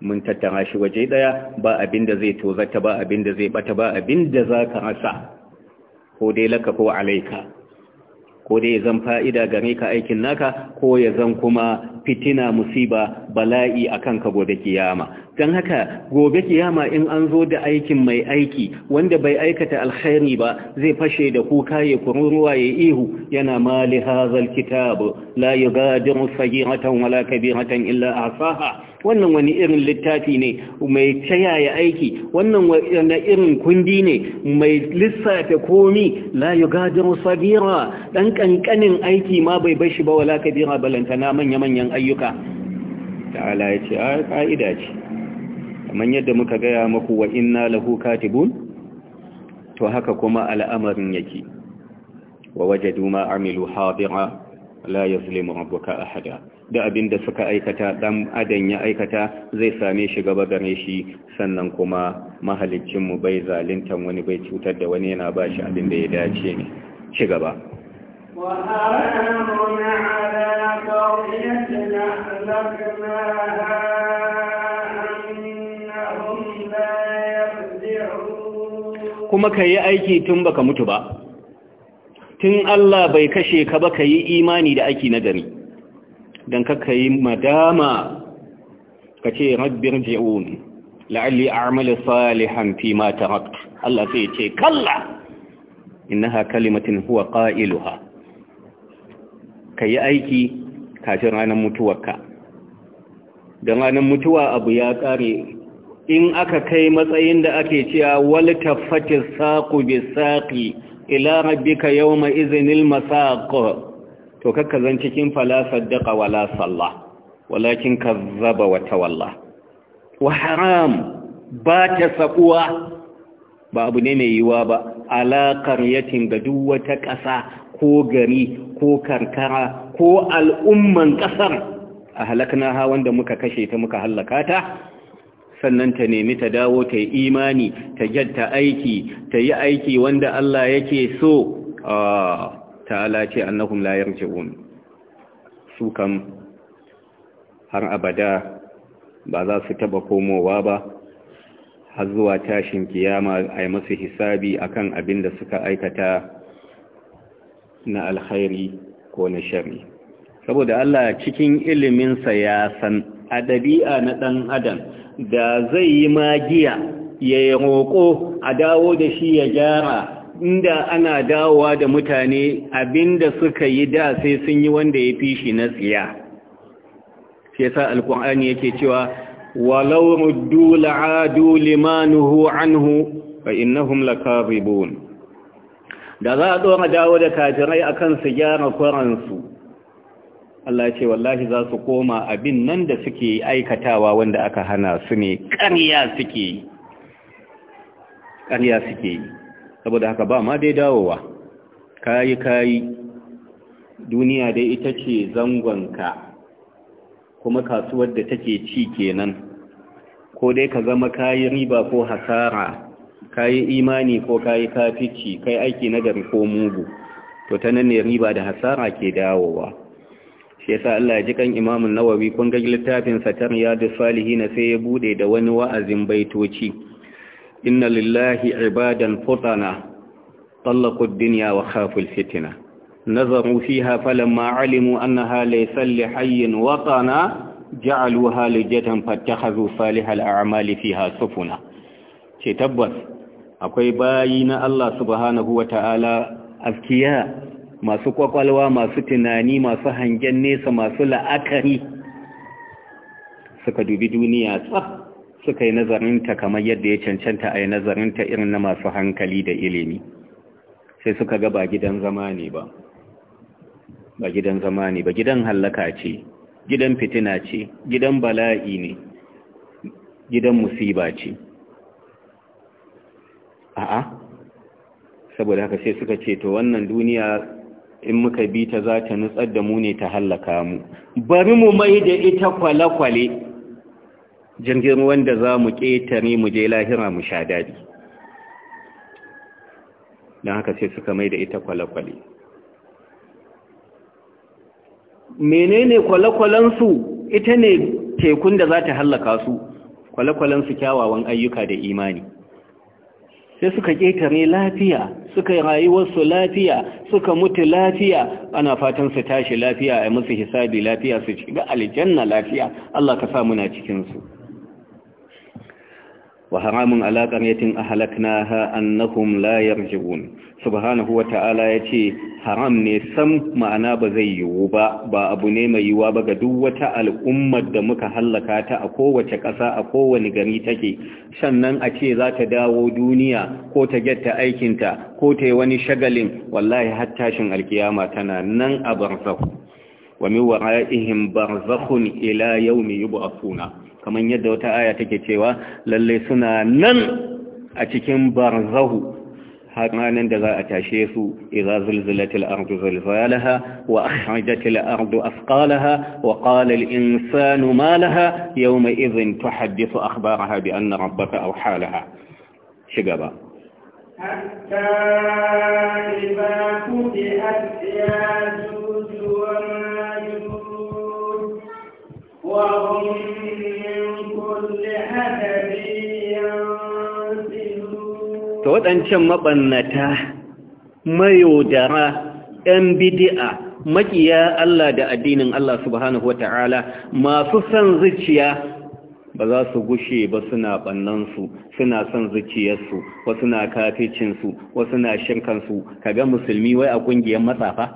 mun tattara shi waje daya ba abin da zai tozata ba abin da zai bata ba abin da zaka rasa ko dai laka ko alaika ko dai ya zan fa'ida game ka aikin naka ko ya zan kuma fitina musiba bala'i a kanka gobe kiyama don haka gobe kiyama in an zo da aikin mai aiki wanda bai aikata alkhairi ba zai fashe da kuka ya kururuwa ya ihu yana mali hazal kitab la yugadiru sagiratan wala kabiratan illa Asaha. wannan wani irin littafi ne mai tayaya aiki wannan wani irin kundi ne mai lissafe komi la yugadiru sagira dan kankanin aiki ma bai bashi ba wala kabira balantana manya-manyan ayyuka ta'ala ya ce a ƙa'ida ce kamar yadda muka gaya maku wa inna lahu katibun to haka kuma al'amarin yake wa wajadu ma amilu hadira la yuzlimu rabbuka ahada da abin da suka aikata dan adan ya aikata zai same shi gaba gare shi sannan kuma mahalicin mu bai zaluntar wani bai cutar da wani yana bashi abin da ya dace ne ci gaba kuma على قرية أهلكناها أنهم لا يرجعون كما tun Allah bai kashe ka ba ka yi imani da aiki na gari don ka yi madama ka ce rabbir ji'un la'alli a'malu salihan fi ma tarakt Allah sai ya ce kalla innaha kalimatin huwa ƙa'iluha. ka yi aiki kafin ranar mutuwarka don ranar mutuwa abu ya ƙare in aka kai matsayin da ake cewa wal tafati saqu bi ka ila yau yawma izinin masaq to kakka zan cikin fala daga wala sallah walakin zaba wata tawalla wa haram ba ta saƙuwa ba abu ne mai yiwuwa ba alaƙar yakin ga duk wata ƙasa ko gari ko karkara ko al'umman ƙasar a halakna ha wanda muka kashe ta muka hallaka ta sannan ta nemi ta dawo ta yi imani ta jadda aiki ta yi aiki wanda Allah yake so ta'ala ce annahum la yarji'un su kam har abada ba za su taba komowa ba har zuwa tashin kiyama a yi masu hisabi akan abin da suka aikata na alkhairi ko na shari saboda Allah cikin iliminsa ya san a dabi'a na ɗan adam da zai yi magiya ya yi roƙo a dawo da shi ya gyara inda ana dawowa da mutane abinda suka yi da sai sun yi wanda ya fi shi na tsiya shi yasa alkur'ani yake cewa walau ruddu la'adu limanuhu anhu fa innahum ribu. da za a ɗora dawo da kafirai a kan su gyara kwaransu Allah ce wallahi za su koma abin nan da suke aikatawa wanda aka hana su ne ƙarya suke yi ƙarya suke yi saboda haka ba ma dai dawowa kayi kayi duniya dai ita ce zangonka kuma kasuwar da take ci kenan ko dai ka zama kayi riba ko hasara kayi imani ko kayi kafici kai aiki nagari ko mugu to ta nan ne riba da hasara ke dawowa shi yasa Allah ya ji kan Imam nawawi kun ga littafin sa tar salihin sai ya bude da wani wa'azin baitoci inna lillahi ibadan futana talaqu ad-dunya wa khafu al-fitna nazaru fiha falamma alimu annaha laysa li hayyin watana ja'aluha lijatan fattakhadhu salihal a'mali fiha sufuna ce tabbas akwai bayi na Allah subhanahu Ta'ala. afkiya masu kwakwalwa masu tunani masu hangen nesa masu la'akari suka dubi duniya tsaf suka yi nazarinta kamar yadda ya cancanta a yi nazarinta irin na masu hankali da ilimi sai suka ga ba gidan zama ne ba ba gidan zama ne ba gidan hallaka ce gidan fitina ce gidan bala'i ne gidan musiba ce a'a saboda haka sai suka ce to wannan duniya in muka bi ta za ta nutsar da mu ne ta hallaka mu bari mu mai da ita kwale-kwale jirgin wanda za mu ƙetare mu je lahira mu sha daɗi don haka sai suka mai da ita kwale-kwale menene kwale-kwalensu ita ne tekun da za ta hallaka su kwale-kwalensu kyawawan ayyuka da imani sai suka ƙetare lafiya suka yi rayuwarsu lafiya suka mutu lafiya ana fatan su tashi lafiya a musu hisabi lafiya su shiga aljanna lafiya Allah ka sa muna cikinsu wa haramun alaƙar yatin a halakna ha annahum la yarjibun subhanahu wa ta'ala ya ce haram ne sam ma'ana ba zai yiwu ba ba abu ne mai yiwuwa ba ga duk wata al'ummar da muka hallaka ta a kowace ƙasa a kowane gari take sannan a ce za ta dawo duniya ko ta getta aikinta ko ta yi wani shagalin wallahi hatta alkiyama tana nan a barzahu wa min wara'ihim barzahun ila yau yawmi yub'athuna kamar yadda wata aya take cewa lalle suna nan a cikin barzahu hakanan da za a tashe su idza zulzilatil ardu zulzalaha wa akhrajatil ardu asqalaha wa qala al insanu ma laha yawma idhin tuhaddithu akhbaraha bi anna rabbaka awha laha shiga ba حتى إذا فتحت ياجوج وماجوج وهم waɗancan maɓannata mayaudara ‘yan bidi'a maƙiya Allah da addinin Allah subhanahu wata'ala masu son zuciya ba za su gushe ba suna ɓannansu suna son zuciyarsu wasu na kaficinsu wasu na shirkansu kaga musulmi wai a ƙungiyar matsafa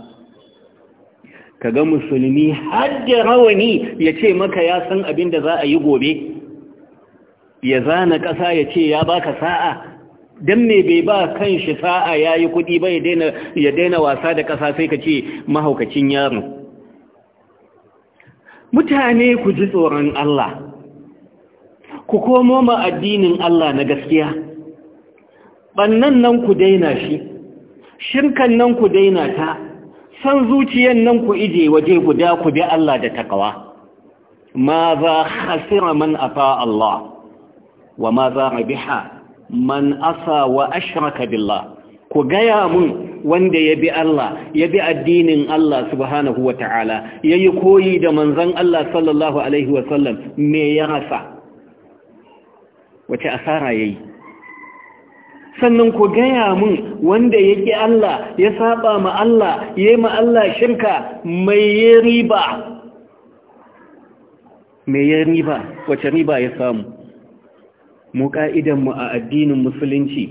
ka ga musulmi hajji rawani ya ce maka ya san abin da za a yi gobe ya zana ƙasa ya ce ya baka sa'a don me bai ba kan shi sa'a ya yi kuɗi ba ya daina wasa da ƙasa sai ka ce mahaukacin yaron? mutane ku ji tsoron Allah ku komo ma addinin Allah na gaskiya ɓannan nan ku daina shi shirkan nan ku daina ta san zuciyar nan ku ije waje guda ku bi Allah da takawa ma za hasira man afa Allah wa ma za rabiha man asa wa ashraka billah ku gaya mun wanda ya bi Allah ya bi addinin Allah subhanahu wa ta'ala ya yi koyi da manzan Allah sallallahu Alaihi wasallam me ya rasa wace asara ya yi sannan ku gaya mun wanda ya ƙi Allah ya saba ma Allah ya ma Allah shirka mai ya riba mai ya riba wace riba ya samu mu mu a addinin musulunci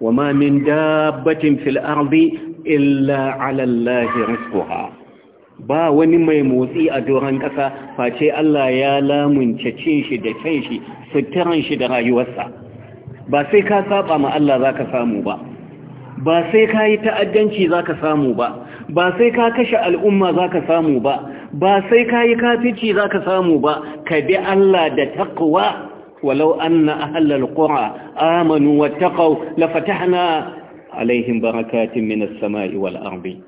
wa ma min dabbatin fil ardi illa ala Allah rizquha ba wani mai motsi a doron ƙasa face Allah ya lamunce cin shi da cin shi suturan shi da rayuwarsa ba sai ka saba ma Allah ka samu ba ba sai ka yi ta'addanci zaka samu ba ba sai ka kashe al'umma zaka samu ba ba sai ka yi kafici zaka samu ba ka bi Allah da taqwa walau anna ahlal qura amanu wattaqu lafatahna alaihim barakatin minas sama'i wal ardi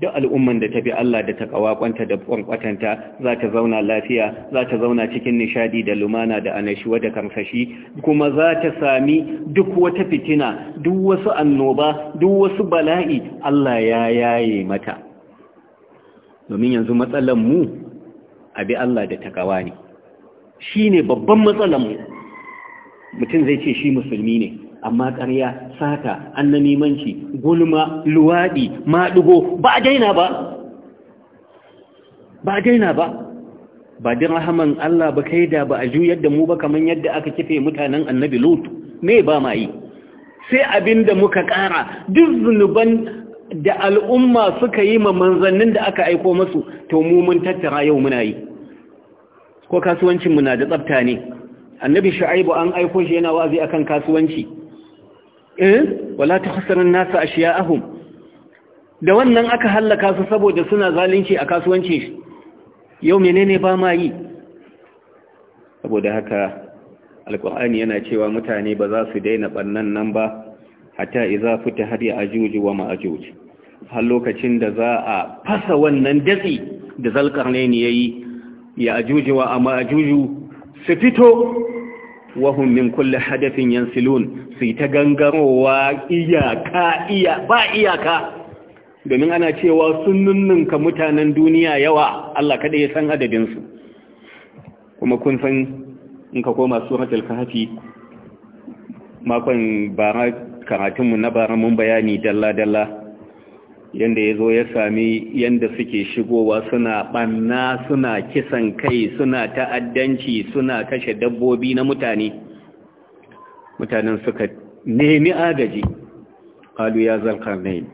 duk al'umman da ta bi Allah da ta takawakwanta da kwankwatanta za ta zauna lafiya za ta zauna cikin nishadi da lumana da anashuwa da kamfashi kuma za ta sami duk wata fitina duk wasu annoba duk wasu bala'i Allah ya yaye mata domin yanzu matsalan mu bi Allah da takawa ne shine babban matsalan mu mutum zai ce shi musulmi ne amma ƙarya sata annamimanci gulma luwaɗi maɗigo ba a daina ba ba a daina ba ba din rahaman Allah ba kai da ba a juyar da mu ba kamar yadda aka kife mutanen annabi lutu me ba ma yi sai abin da muka ƙara duk zunuban da al'umma suka yi ma manzannin da aka aiko masu to mu mun tattara yau muna yi ko kasuwancin na da tsafta ne annabi shu'aibu an aiko shi yana wazi akan kasuwanci Eh? wala wala tahsaran nasa ashiya'ahum da wannan aka hallaka su saboda suna zalunci a kasuwanci yau menene ba ma yi saboda haka alkur'ani yana cewa mutane ba za su daina bannan nan ba hatta iza fita har ya ajuji wa ma'ajuj har lokacin da za a fasa wannan datsi da zalkar ne yayi ya ajuji wa ma'ajuju su fito wahum min kulli hadafin yansilun su ta gangarowa iyaka iya ba iyaka domin ana cewa sun nunnunka mutanen duniya yawa Allah kada ya san adadinsu kuma kun san in ka koma suratul kahfi makon bara karatunmu na bara mun bayani dalla dalla yanda ya zo ya sami yanda suke shigowa suna ɓanna suna kisan kai suna ta'addanci suna kashe dabbobi na mutane mutanen suka nemi agaji ƙalu ya zarkar ne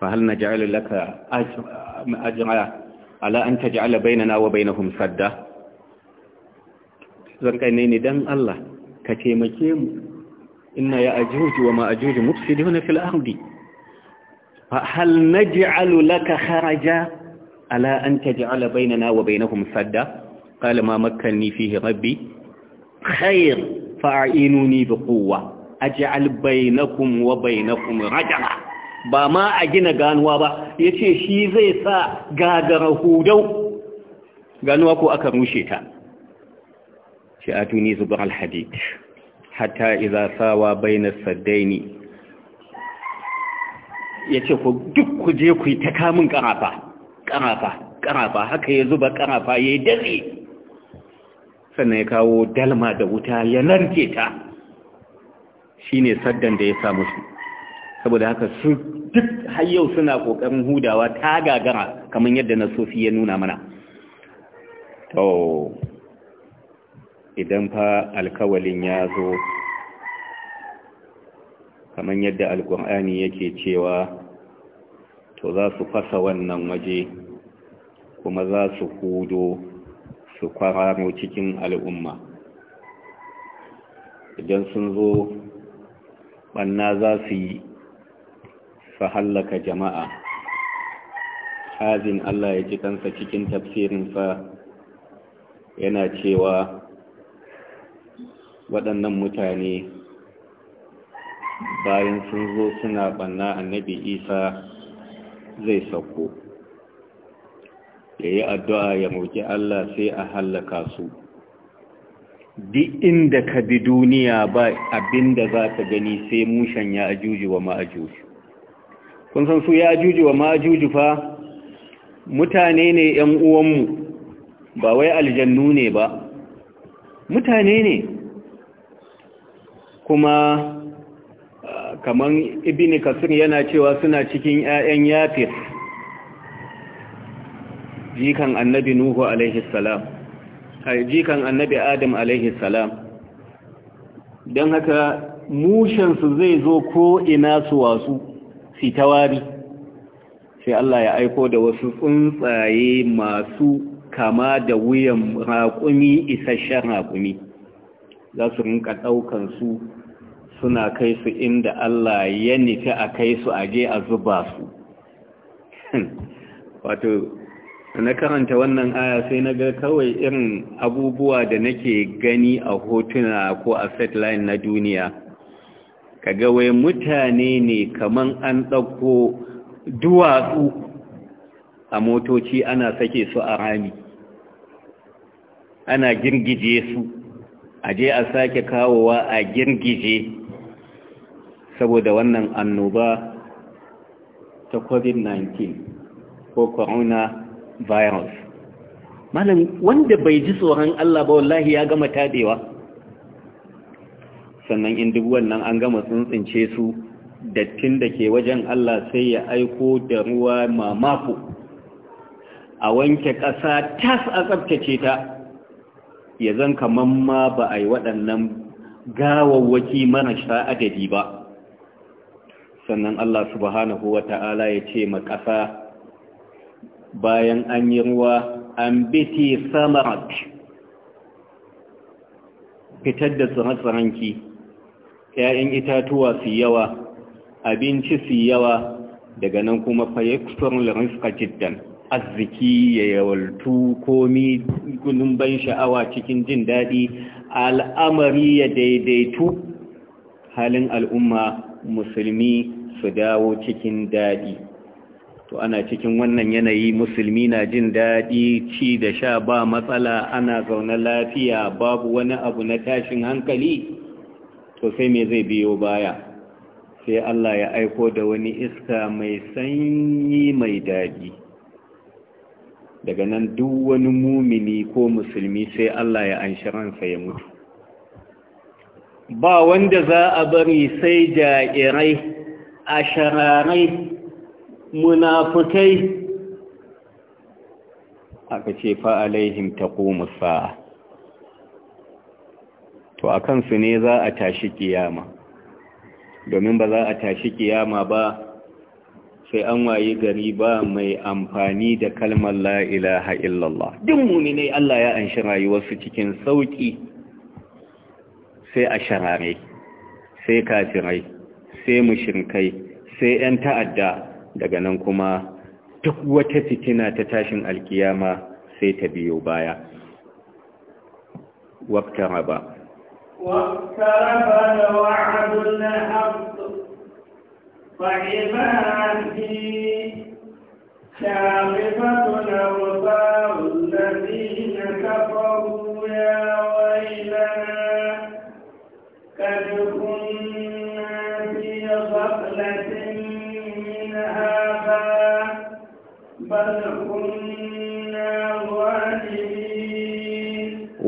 ba hal na ja'ala laka ajira ala an ta ja'ala bainana wa bainahum sadda zarkar ne don Allah ka taimake mu ina ya ajiyoji wa ma ajuju mufsiduna fil ardi hal naj'alu laka haraja? ala an taj'ala bainana wa bainahum sadda qala ma makkanni fihi rabbi khair fa'inuni biquwwa aj'al bainakum wa ba ma a gina ganuwa ba yace shi zai sa gagara hudau ganuwa ko aka rushe ta shi atuni zubar alhadid hatta idza sawa bainas saddaini ya ce ku duk ku je ku yi ta kamun ƙarafa ƙarafa ƙarafa haka ya zuba ƙarafa ya yi dare sannan ya kawo dalma da wuta ya narke ta shi ne saddan da ya samu su saboda haka su duk har suna ƙoƙarin hudawa ta gagara kamar yadda na sofi ya nuna mana to idan fa alkawalin ya zo kamar yadda alkur'ani yake cewa to za su fasa wannan waje kuma za su hudo su kwararo cikin al'umma idan sun zo ɓanna za su yi su hallaka jama'a hazin Allah ya ji kansa cikin tafsirinsa yana cewa waɗannan mutane bayan sun zo suna banna annabi isa zai sauko ya yi addu'a ya muki Allah sai a hallaka su di inda ka bi duniya ba abinda za ka gani sai mushen ya ajuji wa ma'ajuji kun san su ya ajuji wa ma'ajuji fa mutane ne ‘yan uwanmu ba wai aljannu ne ba mutane ne kuma kamar ibini kasir yana cewa suna cikin 'ya'yan yafir jikan annabi nuhu alaihissalam a jikan annabi adam alaihissalam don haka mushensu zai zo ko ina su wasu fitawari sai Allah ya aiko da wasu tsuntsaye masu kama da wuyan raƙumi isasshen raƙumi za su rinka ɗaukansu suna kai su inda Allah ya nufi a kai su a je a zuba su *laughs* wato na karanta wannan aya sai na ga kawai irin abubuwa da nake gani a hotuna ko a satellite na duniya kaga wai mutane ne kaman an ɗauko duwatsu a motoci ana sake su a rami ana girgije su aje a sake kawowa a girgije saboda wannan annoba ta covid-19 ko corona virus malam wanda bai ji tsoron Allah ba wallahi ya gama tadewa sannan in duk wannan an gama tsuntsince su dattin da ke wajen Allah sai ya aiko da ruwa mamako a wanke ƙasa tas a tsabtace ta ya zan kaman ma ba a yi waɗannan gawawwaki marasa adadi ba sannan Allah subhanahu wa ta'ala ya ce ma ƙasa bayan an yi ruwa an biti samarak fitar da tsire-tsirenki ‘ya'yan itatuwa su yawa abinci su yawa daga nan kuma kusurin larinska jiddan arziki ya yawaltu komi gunin ban sha'awa cikin jin daɗi al'amari ya daidaitu halin al'umma musulmi su dawo cikin daɗi to ana cikin wannan yanayi musulmi na jin daɗi ci da sha ba matsala ana zaune lafiya babu wani abu na tashin hankali to sai me zai biyo baya sai Allah ya aiko da wani iska mai sanyi mai daɗi daga nan duk wani mumini ko musulmi sai Allah ya anshi ransa ya mutu ba wanda za a bari sai jairai ashararai munafukai aka ce fa'alaihim ta sa'a to a kansu ne za a tashi kiyama domin ba za a tashi kiyama ba sai an waye gari ba mai amfani da kalmar la'ilaha illallah duk muminai Allah ya anshi su cikin sauƙi sai a sai kafirai sai mushrikai sai 'yan ta'adda daga nan kuma duk wata fitina ta tashin alkiyama sai ta biyo baya waqta raba waqtaraba wa'dul haqq fa'ibati sharifatun awsar الذين كفروا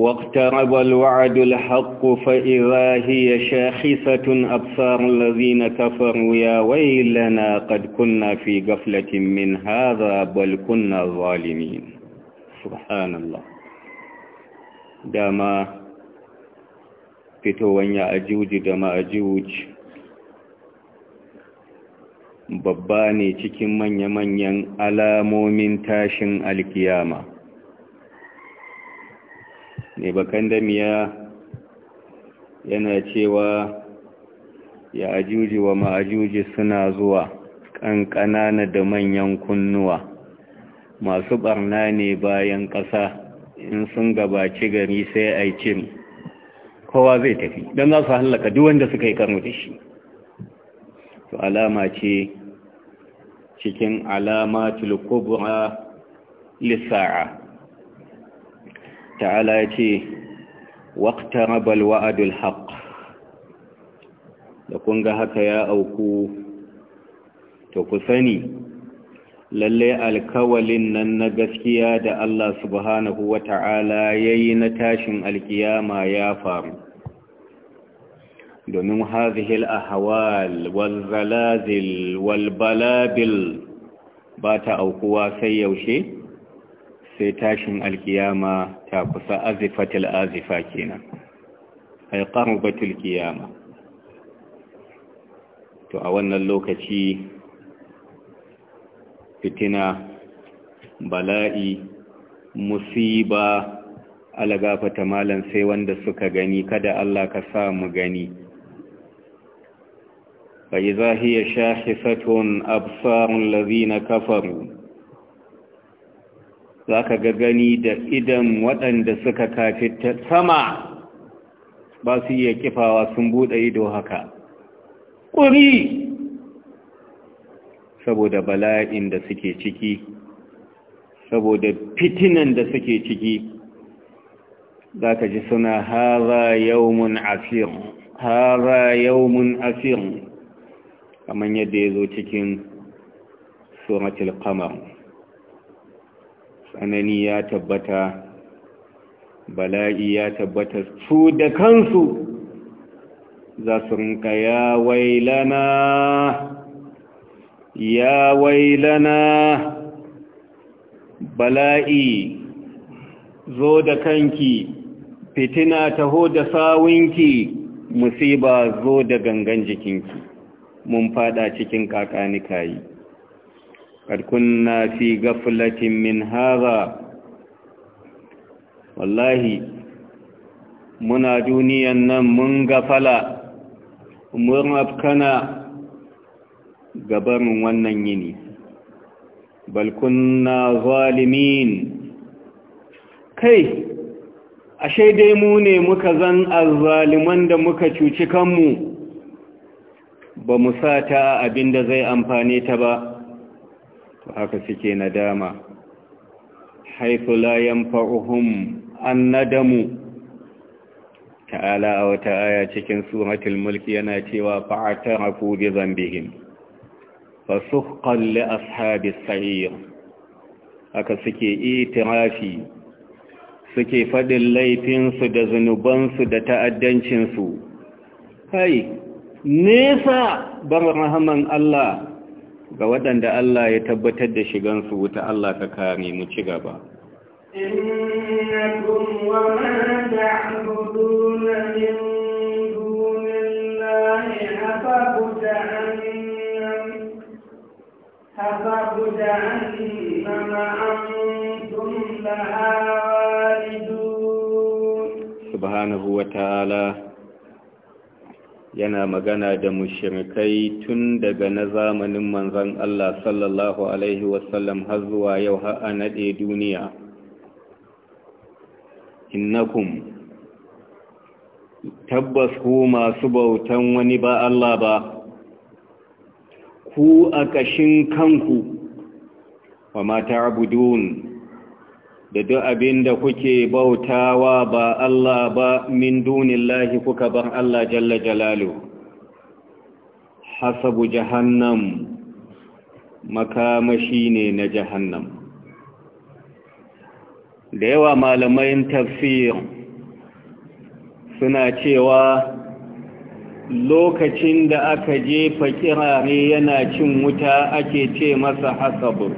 واقترب الوعد الحق فإذا هي شاخصة أبصار الذين كفروا يا ويلنا قد كنا في غفلة من هذا بل كنا ظالمين سبحان الله داما fitowar ya ajuji da ma'ajuji babba ne cikin manya-manyan alamomin tashin alkiyama mai bakan yana cewa ya ajuji wa ma'ajuji suna zuwa ƙanƙanana da manyan kunnuwa masu ɓarna ne bayan ƙasa in sun gabaci gari sai a yi kowa zai tafi don za su hallaka duk wanda suka yi karnu da shi Su alama ce cikin alama kubra lissa'a ta'ala ya ce waqtarabal wa'adul haqq da kun ga haka ya auku to ku sani lalle alkawalin nan na gaskiya da Allah subhanahu ya yayi na tashin alkiyama ya faru domin hazihil a hawal zalazil wal balabil ba ta aukuwa sai yaushe sai tashin alkiyama ta kusa azifatil azifa kenan ai batul kiyama to a wannan lokaci fitina bala'i musiba alagafata malan sai wanda suka gani kada Allah ka sa mu gani fa iza hiya shahisatun absarul ladina kafaru za ka ga gani da idan waɗanda suka kafi sama ba su iya kifawa sun buɗe ido haka ƙuri saboda bala'in da suke ciki saboda fitinan da suke ciki za ka ji suna hara yawmun asir hara yawmun asir kamar yadda ya zo cikin suratul qamar tsanani ya tabbata bala'i ya tabbata su da kansu za su rinka ya wailana ya wailana bala'i zo da kanki fitina taho da sawinki musiba zo da gangan jikinki mun fada cikin kakanikayi قد كنا في غفلة من هذا والله منا دنيا من غفلة mun afkana gabarin wannan yini balkunna zalimin kai ashe dai mu ne muka zan azzaliman da muka cuci kanmu ba mu sa ta abinda zai amfane ta ba haka suke nadama haifu la yanfa'uhum an nadamu ta'ala a wata aya cikin suratul mulki yana cewa fa'atarafu bi fa fasuqqan li Ashabi sa'ir haka suke itirafi suke faɗin laifinsu da zunubansu da ta'addancinsu kai nesa ban rahaman Allah ga waɗanda Allah ya tabbatar da shigansu wuta Allah ka kare mu ci gaba innakum wa ma ta'buduna min dunillahi hafabuta annam hafabuta annama antum laha walidun subhanahu yana magana da mushrikai tun daga na zamanin manzon Allah sallallahu alaihi wasallam har zuwa yau har a naɗe duniya innakum tabbas ku masu bautan wani ba Allah ba ku a kashin kanku wa mata abudun da duk abin da kuke bautawa ba Allah ba min dunillahi kuka bar Allah jalla jalalu hasabu jahannam makamashi ne na jahannam da yawa malamai tafsir suna cewa lokacin da aka jefa kirare yana cin wuta ake ce masa hasabu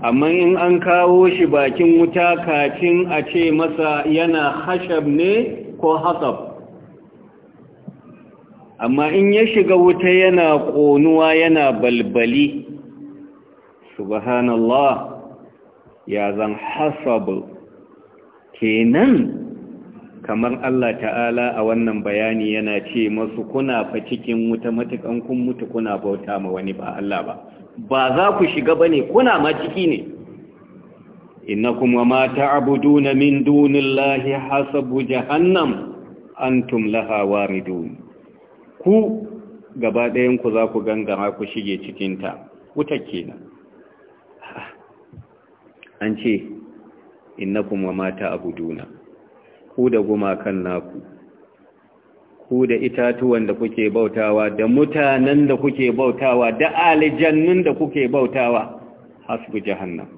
amma in an kawo shi bakin wuta kacin a ce masa yana hashab ne ko hasab amma in ya shiga wuta yana ƙonuwa yana balbali subhanallah ya zan hasab kenan kamar Allah ta'ala a wannan bayani yana ce masu kuna fa cikin wuta matukan kun mutu kuna bauta ma wani ba Allah ba ba za ku shiga ba ne kuna ma ciki ne innakum wa ma ta'buduna min dunillahi hasabu jahannam antum laha waridun ku gaba ɗayan za ku gangara ku shige cikin ta wutar kenan an ce kuma wa ma ta'buduna ku da gumakan naku ku da itatuwan da kuke bautawa da mutanen da kuke bautawa da alijannin da kuke bautawa hasbu jahannam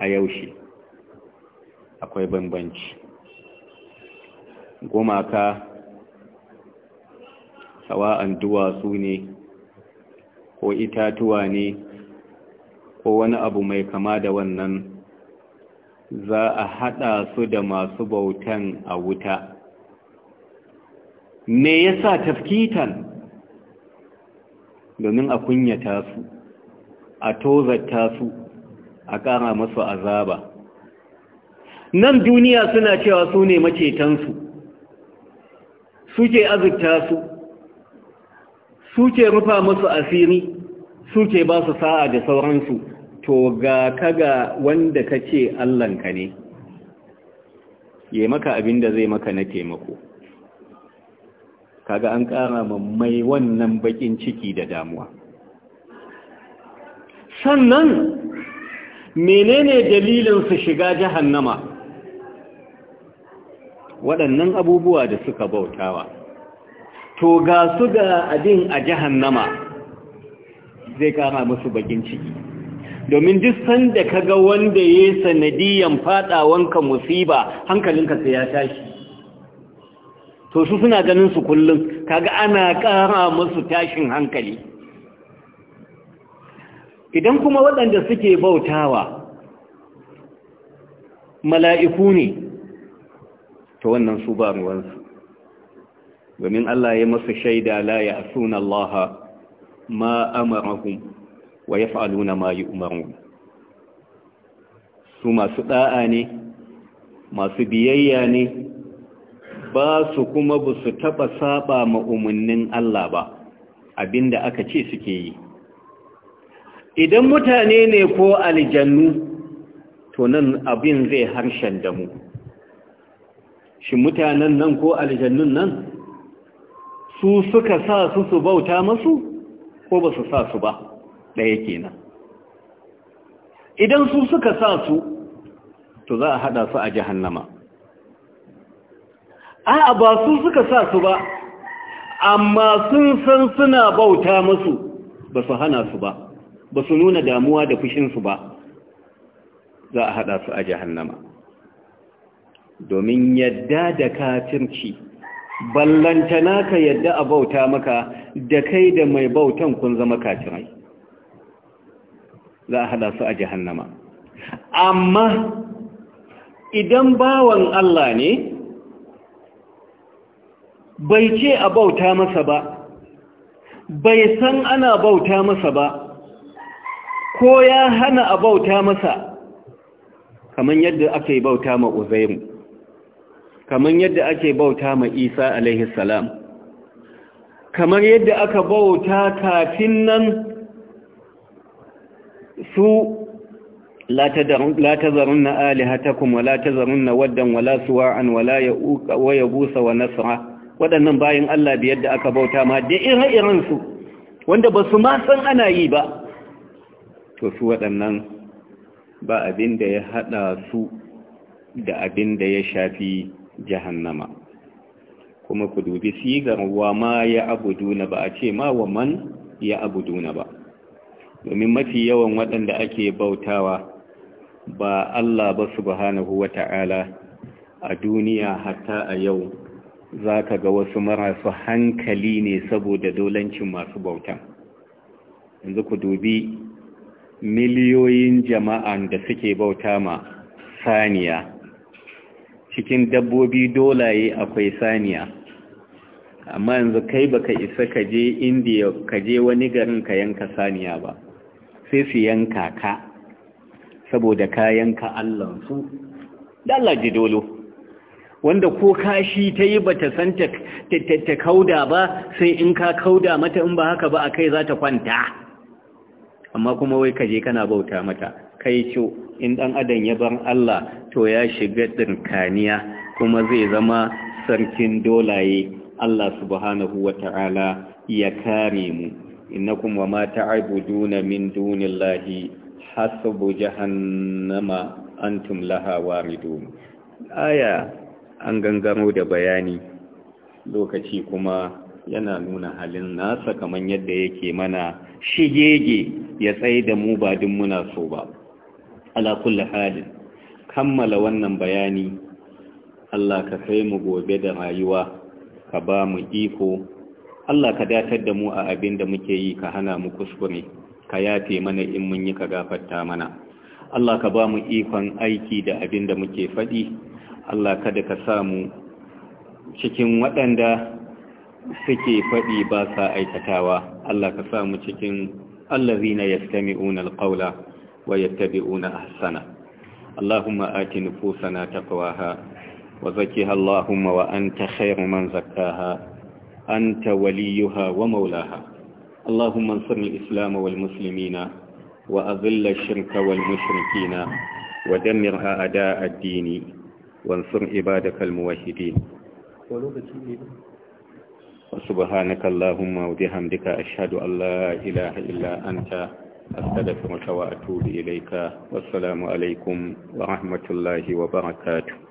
a yaushe akwai bambanci gumaka sawa'an duwatsu ne ko itatuwa ne ko wani abu mai kama da wannan za a haɗa su da masu bautan a wuta me yasa tafkitan domin a kunyata su a tozarta su a ƙara masu azaba nan duniya suna cewa su ne macetansu suke azurta su suke rufa masu asiri suke ba su sa'a da sauransu to ga kaga wanda ka ce allanka ne ya maka abin da zai maka na taimako kaga an ƙara mai wannan baƙin ciki da damuwa sannan menene dalilin su shiga jahannama waɗannan abubuwa da suka bautawa to ga su ga abin a jahannama zai ƙara musu baƙin ciki domin duk sanda kaga wanda ya sanadiyan fadawanka musiba hankalinka sai ya tashi to su suna ganin su kullum kaga ana ƙara musu tashin hankali idan kuma waɗanda suke bautawa mala'iku ne ta wannan su ba ruwansu domin Allah ya masu shaida la ya asuna Allah ma amarahum wa ya fa'aluna ma yi umarun su masu ɗa'a ne masu biyayya ne ba su kuma ba su taɓa saɓa ma Allah ba abinda aka ce suke yi idan mutane ne ko aljannu to nan abin zai harshen damu shi mutanen nan ko aljannun nan su suka sa su su bauta masu ko ba su sa su ba ɗaya kenan idan su suka sa su to za a haɗa su a jahannama a'a ba su suka sa su ba amma sun san suna bauta musu ba su hana su ba ba su nuna damuwa da fushinsu ba za a haɗa su a jahannama domin yadda da katirci ballantana ka yadda a bauta maka da kai da mai bautan kun zama katirai. za a haɗa su a jahannama amma idan bawan Allah ne bai ce a bauta masa ba bai san ana bauta masa ba ko ya hana a bauta masa kamar yadda ake bauta ma uzairu kamar yadda ake bauta ma isa alaihi salam kamar yadda aka bauta kafin nan su na wa تذرن آلهتكم wa la ودا wa سواعا ya busa wa Nasara? waɗannan bayan Allah biyar da aka bauta ma da irin-irinsu wanda ba su san ana yi ba to su waɗannan ba abin da ya haɗa su da abin da ya shafi jahannama kuma ku dubi sigar wa ma ya abuduna ba a ce ma wa man ya abuduna ba domin mafi yawan waɗanda ake bautawa ba Allah ba subhanahu wa ta'ala a duniya hatta a yau za ka ga wasu marasu hankali ne saboda dolancin masu bautan yanzu ku dubi miliyoyin jama'an da suke bauta ma saniya cikin dabbobi dolaye akwai saniya amma yanzu kai baka isa ka je indiya ka je wani garin ka yanka saniya ba sai su yanka ka saboda ka yanka allansu da dolo wanda ko kashi ta yi bata san ta kauda ba sai in ka kauda mata in ba haka ba a kai za ta kwanta amma kuma wai ka je kana bauta mata kai ce in dan adam ya bar Allah to ya shiga dinkaniya kuma zai zama sarkin dolaye Allah subhanahu wata'ala ya kare mu innakum ma ta'buduna min dunillahi hasbu jahannama antum laha waridun aya an gangaro da bayani lokaci kuma yana nuna halin nasa kamar yadda yake mana shigege ya tsaye da mu ba din muna so ba ala kulli halin kammala wannan bayani Allah ka kai mu gobe da rayuwa ka ba mu iko Allah ka datar da mu a abin da muke yi ka hana mu kuskure ka yafe mana in mun yi ka gafarta mana Allah ka ba mu ikon aiki da abin da muke faɗi Allah kada ka samu cikin waɗanda suke faɗi ba sa aikatawa Allah ka samu cikin allazina yastami'una alqawla wa yattabi'una ahsana Allahumma ati nufusana taqwaha wa zakkiha Allahumma wa anta khairu man zakkaha anta waliyuha wa maulaha Allahumma ansur al-islam wal muslimina wa adhill ash-shirka wal mushrikina ودمر أعداء الدين wansur ibadakal muwahhidin وسبحانك اللهم وبحمدك أشهد أن لا إله إلا أنت أستغفرك وأتوب إليك والسلام عليكم ورحمة الله وبركاته